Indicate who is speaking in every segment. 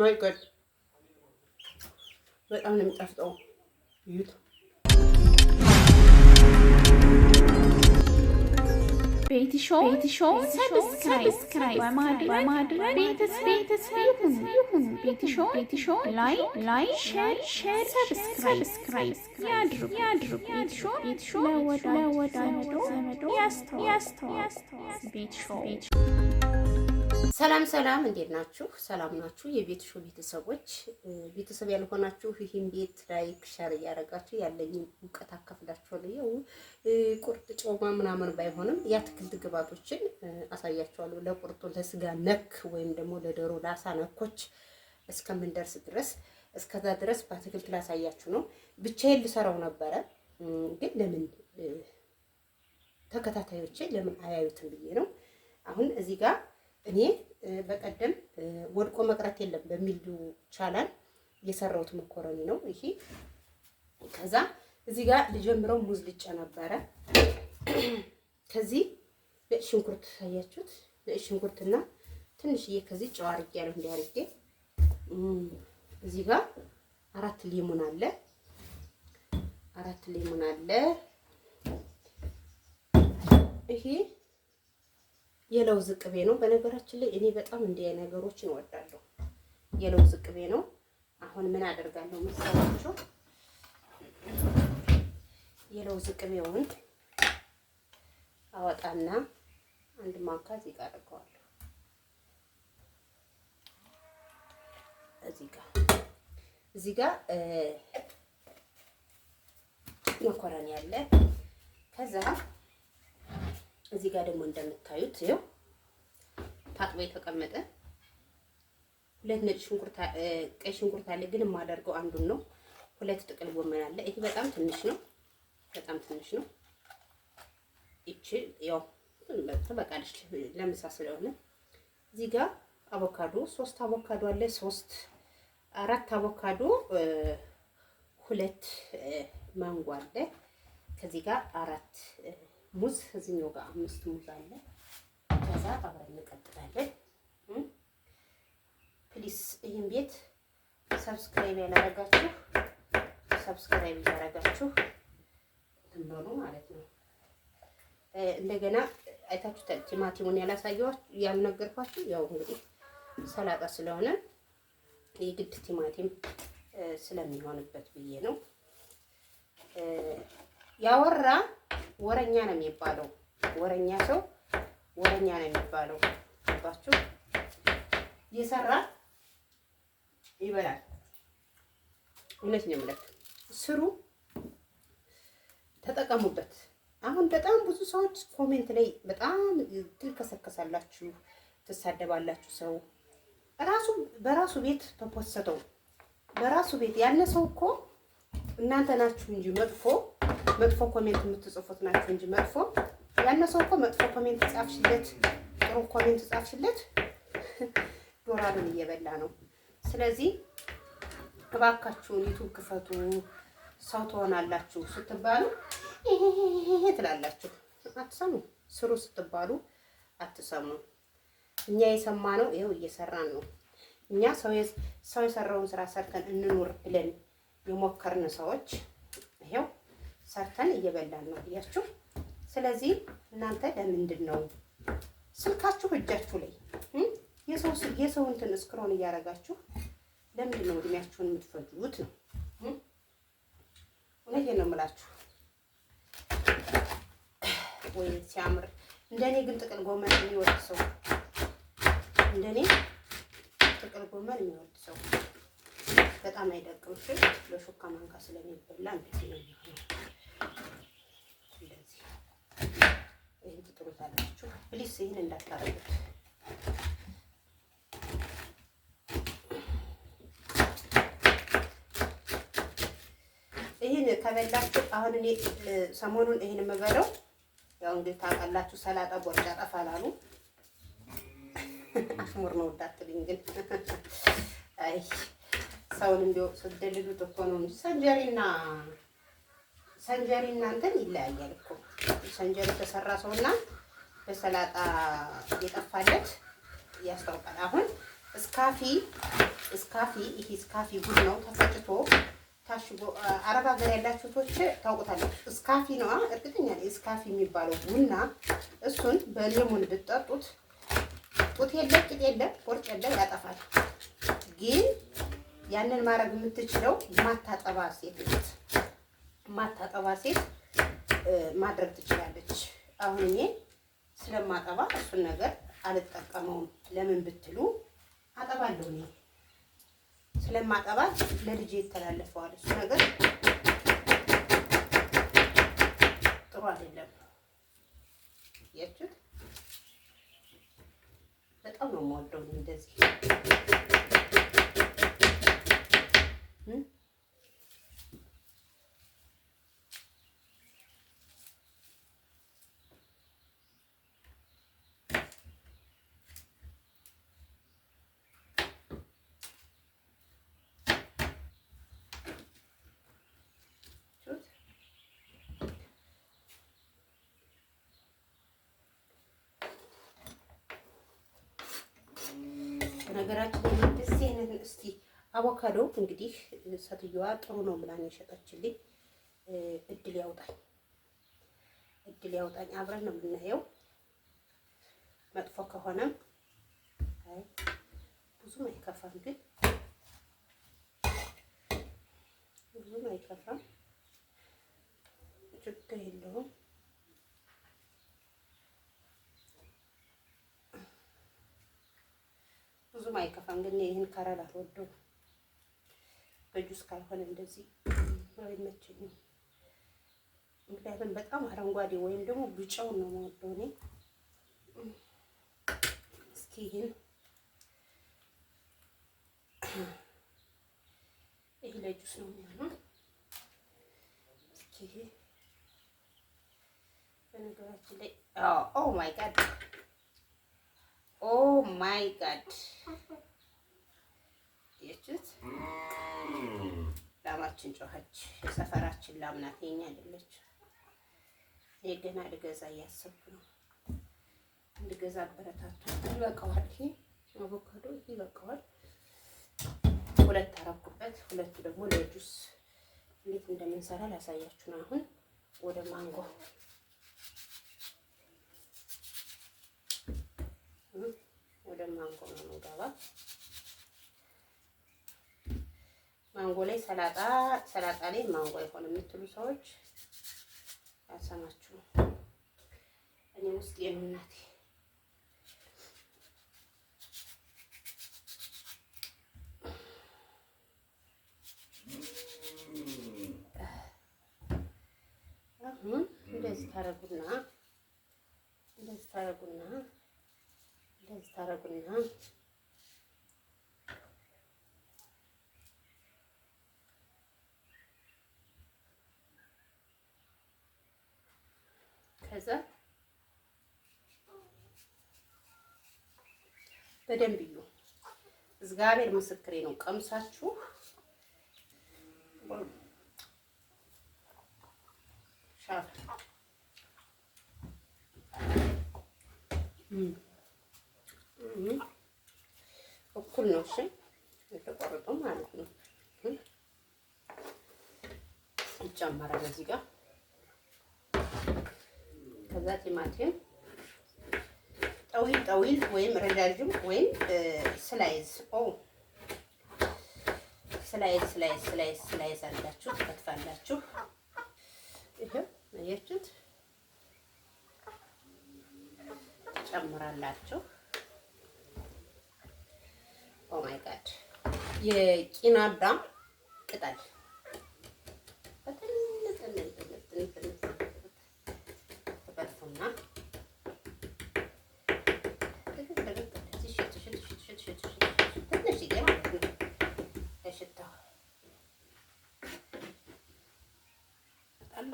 Speaker 1: ማይቀድ በጣም ነው የሚጣፍጠው። እዩት።
Speaker 2: ቤቲሾውን ሰብስክራይብ በማድረግ ቤተሰብ ይሁኑ። ላይክ፣ ሼር፣ ሰብስክራይብ ያድርጉ። ቤቲሾውን ለወዳጅ ዘመዶ ያስተዋውቁ። ሰላም ሰላም፣ እንዴት ናችሁ? ሰላም ናችሁ? የቤት ሾው ቤተሰቦች፣ ቤተሰብ ያልሆናችሁ ይህን ቤት ላይክ፣ ሸር እያደረጋችሁ ያለኝን እውቀት አካፍላችኋለሁ። ቁርጥ ጮማ ምናምን ባይሆንም የአትክልት ግብአቶችን አሳያችኋለሁ። ለቁርጡ ለስጋ ነክ ወይም ደግሞ ለዶሮ ለአሳ ነኮች እስከምንደርስ ድረስ እስከዛ ድረስ በአትክልት ላሳያችሁ ነው። ብቻዬን ልሰራው ነበረ፣ ግን ለምን ተከታታዮቼ ለምን አያዩትም ብዬ ነው አሁን እዚህ ጋር እኔ በቀደም ወድቆ መቅረት የለም በሚል ቻላል የሰራሁት መኮረኒ ነው ይሄ። ከዛ እዚህ ጋር ልጀምረው ሙዝ ልጨ ነበረ። ከዚህ ነጭ ሽንኩርት ታያችሁት፣ ነጭ ሽንኩርትና ትንሽዬ ከዚህ ጨው አድርጌያለሁ እንዲህ አድርጌ። እዚህ ጋር አራት ሊሙን አለ፣ አራት ሊሙን አለ ይሄ የለውዝ ቅቤ ነው። በነገራችን ላይ እኔ በጣም እንዲህ ነገሮችን እወዳለሁ። የለውዝ ቅቤ ነው። አሁን ምን አደርጋለሁ መሰላችሁ? የለውዝ ቅቤውን አወጣና አንድ ማንካ እዚህ ጋር አደርገዋለሁ። እዚህ ጋር እዚህ ጋር መኮረኒ ያለ ከዛ እዚህ ጋር ደግሞ እንደምታዩት ይኸው ታጥቦ የተቀመጠ ሁለት ነጭ ሽንኩርት፣ ቀይ ሽንኩርት አለ። ግን የማደርገው አንዱን ነው። ሁለት ጥቅል ጎመን አለ። ይሄ በጣም ትንሽ ነው፣ በጣም ትንሽ ነው። እቺ ያው ትበቃለች ለምሳ ስለሆነ እዚህ ጋር አቮካዶ ሶስት አቮካዶ አለ። ሶስት አራት አቮካዶ፣ ሁለት ማንጎ አለ። ከዚህ ጋር አራት ሙዝ እዚህኛው ጋር አምስት ሙዝ አለ። ከዛ አብረን እንቀጥላለን። ፕሊስ ይህን ቤት ሰብስክራይብ ያላረጋችሁ ሰብስክራይብ እያረጋችሁ ትንበሉ ማለት ነው። እንደገና አይታችሁ ቲማቲሙን ያላሳየኋችሁ ያልነገርኳችሁ፣ ያው እንግዲህ ሰላጣ ስለሆነ የግድ ቲማቲም ስለሚሆንበት ብዬ ነው ያወራ ወረኛ ነው የሚባለው። ወረኛ ሰው ወረኛ ነው የሚባለው። ባችሁ የሰራ ይበላል። እውነት ነው የምልህ። ስሩ፣ ተጠቀሙበት። አሁን በጣም ብዙ ሰዎች ኮሜንት ላይ በጣም ትልከሰከሳላችሁ፣ ትሳደባላችሁ። ሰው ራሱ በራሱ ቤት ተፖሰተው በራሱ ቤት ያነ ሰው እኮ እናንተ ናችሁ እንጂ መጥፎ መጥፎ ኮሜንት የምትጽፉት ናችሁ እንጂ መጥፎ ያነ ሰው እኮ መጥፎ ኮሜንት ጻፍሽለት፣ ጥሩ ኮሜንት ጻፍሽለት፣ ዶላሩን እየበላ ነው። ስለዚህ እባካችሁን ዩቱብ ክፈቱ፣ ሰው ትሆናላችሁ ስትባሉ ይሄ ትላላችሁ፣ አትሰሙ። ስሩ ስትባሉ አትሰሙ። እኛ የሰማነው ይኸው እየሰራን ነው። እኛ ሰው የሰራውን ስራ ሰርተን እንኑር ብለን የሞከርን ሰዎች ይሄው ሰርተን እየበላን ነው ብያችሁ። ስለዚህ እናንተ ለምንድን ነው ስልካችሁ እጃችሁ ላይ የሰው የሰው እንትን እስክሮን እያደረጋችሁ ለምንድን ነው እድሜያችሁን የምትፈጁት? ነው እውነቴን ነው የምላችሁ። ወይ ሲያምር! እንደኔ ግን ጥቅል ጎመን የሚወድ ሰው እንደኔ ጥቅል ጎመን የሚወድ ሰው በጣም አይደቅም። እሺ በሹካ ማንካ ስለሚበላ እንደዚህ ነው የሚሆነው። እንደዚህ ይሄን ትጥሩታላችሁ። ፕሊስ ይሄን እንዳታረጉት። ይህን ከበላችሁ አሁን እኔ ሰሞኑን ይህን የምበለው ያው እንግዲህ ታውቃላችሁ፣ ሰላጣ ቦርጫ ጠፋላሉ። አስሙር ነው እንዳትልኝ ግን አይ ሰውን እንዲወቅሱ ደልዱት እኮ ነው ሰንጀሪና ሰንጀሪ እናንተን ይለያያል እኮ ሰንጀሪ ተሰራ ሰውና በሰላጣ የጠፋለት ያስታውቃል። አሁን እስካፊ እስካፊ ይሄ እስካፊ ጉድ ነው። ተፈጭቶ ታሽጎ አረብ ሀገር ያላችሁ ቶች ታውቁታለች። እስካፊ ነዋ፣ እርግጠኛ እስካፊ የሚባለው ቡና። እሱን በሌሙን ብትጠጡት ጡት የለም ቂጥ የለ ቁርጭ የለም ያጠፋል ግን ያንን ማድረግ የምትችለው ማታጠባ ሴት ማታጠባ ሴት ማድረግ ትችላለች። አሁን እኔ ስለማጠባ እሱን ነገር አልጠቀመውም። ለምን ብትሉ አጠባለሁ እኔ ስለማጠባ ለልጄ ይተላለፈዋል። እሱ ነገር ጥሩ አይደለም። ያችሁት በጣም ነው የምወደው እንደዚህ М? на горячую አቮካዶ እንግዲህ ሴትዮዋ ጥሩ ነው ብላኝ የሸጠችልኝ። እድል ያውጣኝ፣ እድል ያውጣኝ። አብረን ነው የምናየው። መጥፎ ከሆነም ብዙም አይከፋም፣ ግን ብዙም አይከፋም፣ ችግር የለውም። ብዙም አይከፋም፣ ግን ይህን ከረል አልወደውም። በጁስ ካልሆነ እንደዚህ አይመቸኝም። ምክንያቱም በጣም አረንጓዴ ወይም ደግሞ ቢጫውን ነው የምወደው እኔ። እስኪ ይህን ይህ ለጁስ ነው የሚሆነው። እስኪ ይሄ በነገራችን ላይ ኦ ማይ ጋድ ኦ ማይ ጋድ ዝግጅት ላማችን ጮኸች። የሰፈራችን ላም ናት፣ የኛ አይደለች። እኔ ገና ልገዛ እያሰብኩ ነው። እንድገዛ አበረታቱ። ይበቃዋል፣ ይሄ አቮካዶ ይበቃዋል። ሁለት አረኩበት። ሁለቱ ደግሞ ለጁስ እንዴት እንደምንሰራ ላሳያችሁ ነው። አሁን ወደ ማንጎ ወደ ማንጎ ነው የምንገባ። ማንጎ ላይ ሰላጣ ሰላጣ ላይ ማንጎ አይሆንም የምትሉ ሰዎች ያሰማችሁ። እኔ ውስጥ የምናት አሁን እንደዚህ ታረጉና እንደዚህ ታረጉና እንደዚህ ታረጉና በደንብ እዩ። እግዚአብሔር ምስክሬ ነው። ቀምሳችሁ እኩል ነው እሺ፣ የተቆረጠው ማለት ነው። ይጨመራል እዚህ ጋር ከዛ ቲማቲም ጠዊል ጠዊል ወይም ረዣዥም ወይም ስላይዝ ኦ ስላይዝ ስላይዝ ስላይዝ ስላይዝ አላችሁ ትከትፋላችሁ። ይሄው አያችሁት፣ ትጨምራላችሁ። ኦ ማይ ጋድ የቂናዳ ቅጠል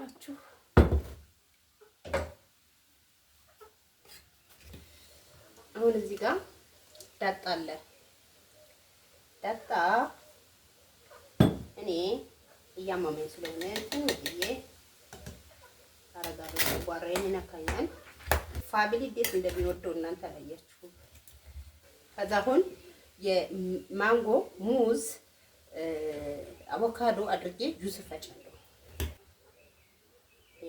Speaker 2: ታውቃላችሁ። አሁን እዚህ ጋር ዳጣ አለ። ዳጣ እኔ እያማመኝ ስለሆነ ትንሽዬ አረጋለሁ። ጨጓራዬን ይነካኛል። ፋሚሊ እንዴት እንደሚወደው እናንተ አላያችሁ። ከዛ አሁን የማንጎ ሙዝ፣ አቮካዶ አድርጌ ጁስ ፈጨ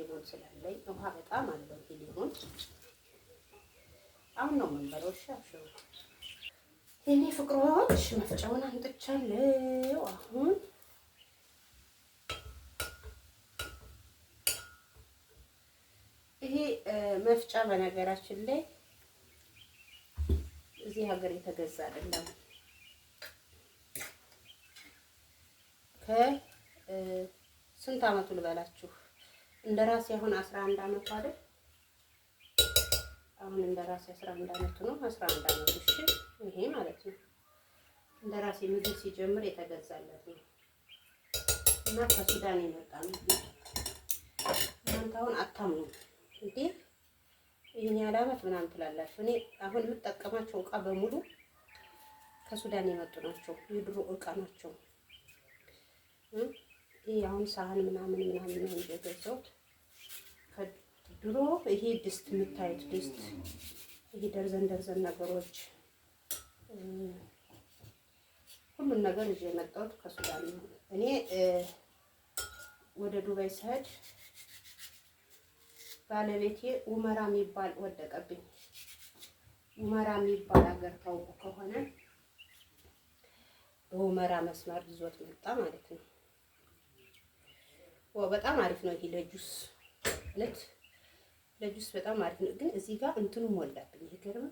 Speaker 2: ሊሞን ስላለኝ ውሃ በጣም አለው። ይሄ አሁን ነው የምንበለው። እሺ የኔ ፍቅሮች መፍጫውን አምጥቻለሁ። አሁን ይሄ መፍጫ በነገራችን ላይ እዚህ ሀገር የተገዛ አይደለም ከስንት ልበላችሁ እንደ ራሴ አሁን አስራ አንድ አመቱ አይደል? አሁን እንደ ራሴ አስራ አንድ አመቱ ነው። አስራ አንድ አመቱ እሺ፣ ይሄ ማለት ነው እንደ ራሴ ምግብ ሲጀምር የተገዛለት ነው እና ከሱዳን የመጣ ነው። እናንተ አሁን አታምኑ እንዴ ይህን ያህል አመት ምናምን ትላላችሁ። እኔ አሁን የምጠቀማቸው እቃ በሙሉ ከሱዳን የመጡ ናቸው። የድሮ እቃ ናቸው። ይሄ አሁን ሳህን ምናምን ምናምን ነው የገዛሁት። ድሮ ይሄ ድስት የምታዩት ድስት ይሄ ደርዘን ደርዘን ነገሮች ሁሉን ነገር እዚህ የመጣሁት ከሱዳን ነው። እኔ ወደ ዱባይ ስሄድ ባለቤቴ ኡመራ የሚባል ወደቀብኝ። ኡመራ የሚባል ሀገር ታውቁ ከሆነ በኡመራ መስመር ይዞት መጣ ማለት ነው። በጣም አሪፍ ነው። ይሄ ለጁስ ለት ለጁስ በጣም አሪፍ ነው። ግን እዚህ ጋር እንትኑ ሞላብኝ። ይገርም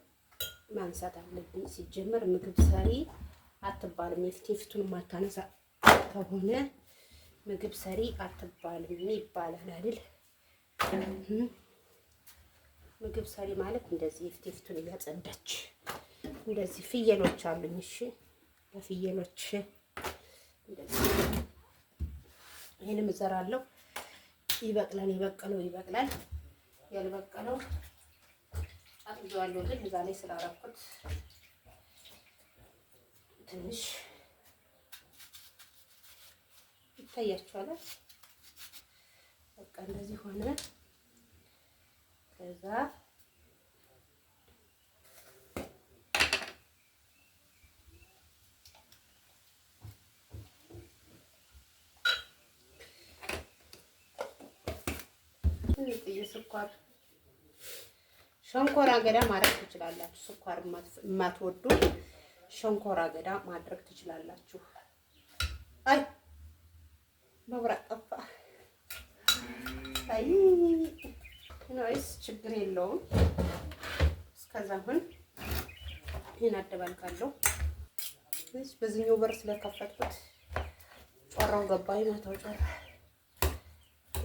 Speaker 2: ማንሳት አለብኝ። ሲጀመር ምግብ ሰሪ አትባልም። የፍትፍቱን ማታነሳ ከሆነ ምግብ ሰሪ አትባልም ይባላል አይደል? ምግብ ሰሪ ማለት እንደዚህ የፍትፍቱን እያጸዳች እንደዚህ። ፍየሎች አሉኝ። እሺ ለፍየሎች እንደዚህ ይሄንም እዘራለሁ። ይበቅላል ይበቅለው ይበቅላል። ያልበቀለው አጥብዋለሁ፣ ግን እዛ ላይ ስላረኩት ትንሽ ይታያችኋል። በቃ እንደዚህ ሆነ ከዛ የቆየ ስኳር ሸንኮራ አገዳ ማድረግ ትችላላችሁ። ስኳር የማትወዱ ሸንኮራ አገዳ ማድረግ ትችላላችሁ። አይ መብራት ጠፋ። አይ ኖይስ ችግር የለውም። እስከዛ አሁን ይህን አደባልቃለሁ። በዚህኛው በር ስለከፈትኩት ጮራው ገባ ። ማታው ጮራ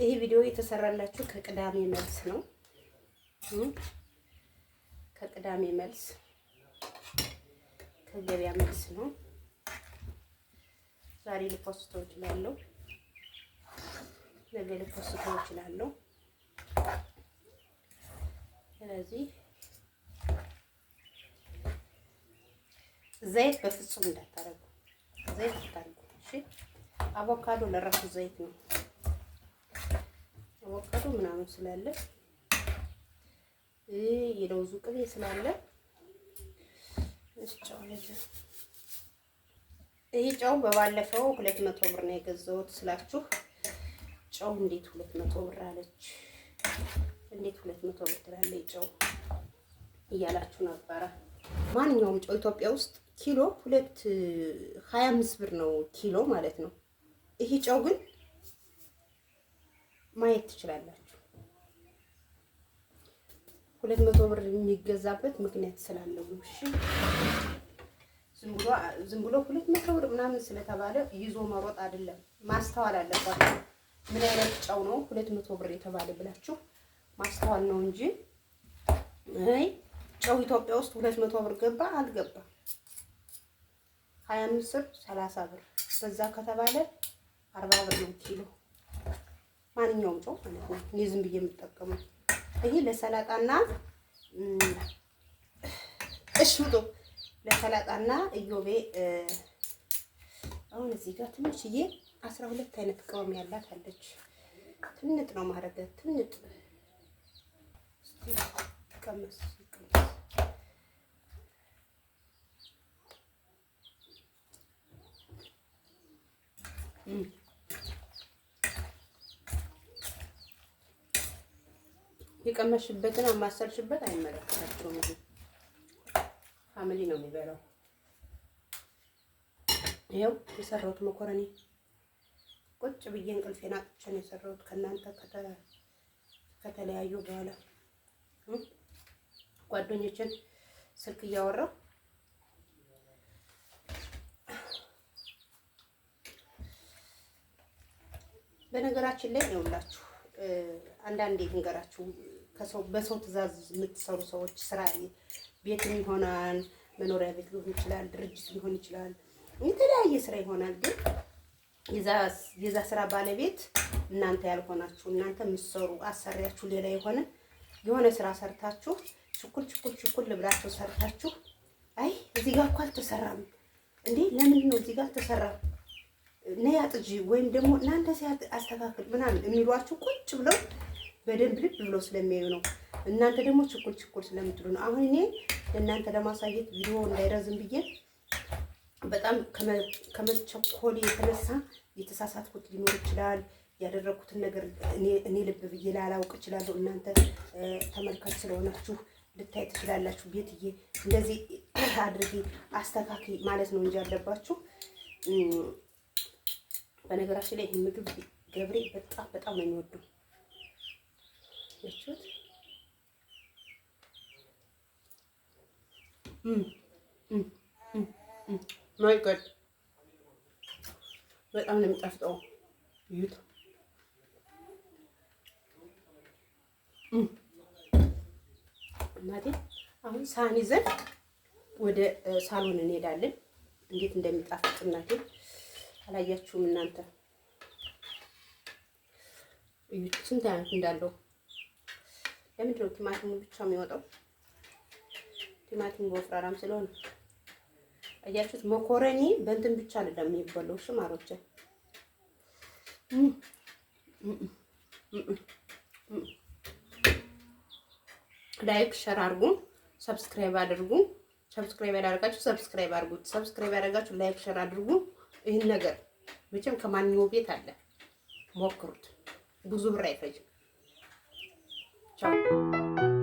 Speaker 2: ይሄ ቪዲዮ የተሰራላችሁ ከቅዳሜ መልስ ነው። ከቅዳሜ መልስ ከገበያ መልስ ነው። ዛሬ ልፖስተው እችላለሁ፣ ነገ ልፖስተው እችላለሁ። ስለዚህ ዘይት በፍጹም እንዳታረጉ፣ ዘይት አታርጉ። እሺ፣ አቮካዶ ለራሱ ዘይት ነው። አቮካዶ ምናምን ስላለ የለውዙ ቅቤ ስላለ ይህ ጨው በባለፈው ሁለት መቶ ብር ነው የገዛሁት ስላችሁ ጨው እንዴት ሁለት መቶ ብር አለች እንዴት ሁለት መቶ ብር ትላለች ጨው እያላችሁ ነበረ። ማንኛውም ጨው ኢትዮጵያ ውስጥ ኪሎ ሁለት ሀያ አምስት ብር ነው ኪሎ ማለት ነው። ይሄ ጨው ግን ማየት ትችላላችሁ። ሁለት መቶ ብር የሚገዛበት ምክንያት ስላለው ነው። እሺ ዝም ብሎ ሁለት መቶ ብር ምናምን ስለተባለ ይዞ መሮጥ አይደለም። ማስተዋል አለባችሁ። ምን አይነት ጨው ነው ሁለት መቶ ብር የተባለ ብላችሁ ማስተዋል ነው እንጂ አይ ጨው ኢትዮጵያ ውስጥ ሁለት መቶ ብር ገባ አልገባ ሀያ አምስት ብር ሰላሳ ብር በዛ ከተባለ አርባ ብር ነው ኪሎ ማንኛውም ጨው ማለት ነው። እኔ ዝም ብዬ የምጠቀመው ይሄ ለሰላጣና እሺ ለሰላጣና እዮቤ አሁን እዚህ ጋር ትንሽዬ አስራ ሁለት አይነት ቅመም ያላት አለች። ትንጥ ነው ማረገ ትንጥ ቀመስ ቀመስ የቀመሽበትና የማሰርሽበት አይመለከታቸውም። ይሄ ፋሚሊ ነው የሚበላው። ይኸው የሰራሁት መኮረኒ ቁጭ ብዬ እንቅልፌን አጥቼ ነው የሰራሁት ከእናንተ ከተለያዩ በኋላ ጓደኞችን ስልክ እያወራው በነገራችን ላይ ይኸውላችሁ አንዳንዴ ልንገራችሁ ከሰው በሰው ትእዛዝ የምትሰሩ ሰዎች ስራ ቤትም ይሆናል፣ መኖሪያ ቤት ሊሆን ይችላል፣ ድርጅት ሊሆን ይችላል፣ የተለያየ ስራ ይሆናል። ግን የዛ ስራ ባለቤት እናንተ ያልሆናችሁ እናንተ የምትሰሩ አሰሪያችሁ ሌላ የሆነ የሆነ ስራ ሰርታችሁ ችኩል ችኩል ችኩል ብላችሁ ሰርታችሁ አይ እዚህ ጋር እኮ አልተሰራም እንዴ ለምንድን ነው እዚህ ጋር አልተሰራም ነይ አጥጂ ወይም ደግሞ እናንተ ሲያት አስተካክል ምናምን የሚሏችሁ ቁጭ ብለው በደንብ ልብ ብሎ ስለሚያዩ ነው። እናንተ ደግሞ ችኩል ችኩል ስለምትሉ ነው። አሁን እኔ እናንተ ለማሳየት ቪዲዮ እንዳይረዝም ብዬ በጣም ከመቸኮል የተነሳ የተሳሳትኩት ሊኖር ይችላል። ያደረኩትን ነገር እኔ ልብ ብዬ ላላውቅ እችላለሁ። እናንተ ተመልካች ስለሆናችሁ ልታይ ትችላላችሁ። ቤትዬ እንደዚህ አድርጌ አስተካኪ ማለት ነው እንጂ ያለባችሁ። በነገራችን ላይ ይህ ምግብ ገብሬ በጣም በጣም ነው የሚወደው። እንዳያችሁት ማይቀድ በጣም ነው የሚጣፍጠው። እዩት። እናቴ አሁን ሳህን ይዘን ወደ ሳሎን እንሄዳለን። እንዴት እንደሚጣፍጥ እናቴ አላያችሁም እናንተ? እዩት ስንት አይነት እንዳለው ለምንድን ነው ቲማቲሙ ብቻ የሚወጣው? ቲማቲሙ ወፍራራም ስለሆነ አያችሁት። መኮረኒ በእንትን ብቻ አይደለም የሚበላው። እሺ ማሮቼ ላይክ ሸር አድርጉ፣ ሰብስክራይብ አድርጉ። ሰብስክራይብ ያደረጋችሁ ሰብስክራይብ አድርጉ። ሰብስክራይብ ያደረጋችሁ ላይክ ሸር አድርጉ። ይህን ነገር መቼም ከማንኛው ቤት አለ፣ ሞክሩት። ብዙ ብር አይፈጅም። ちょ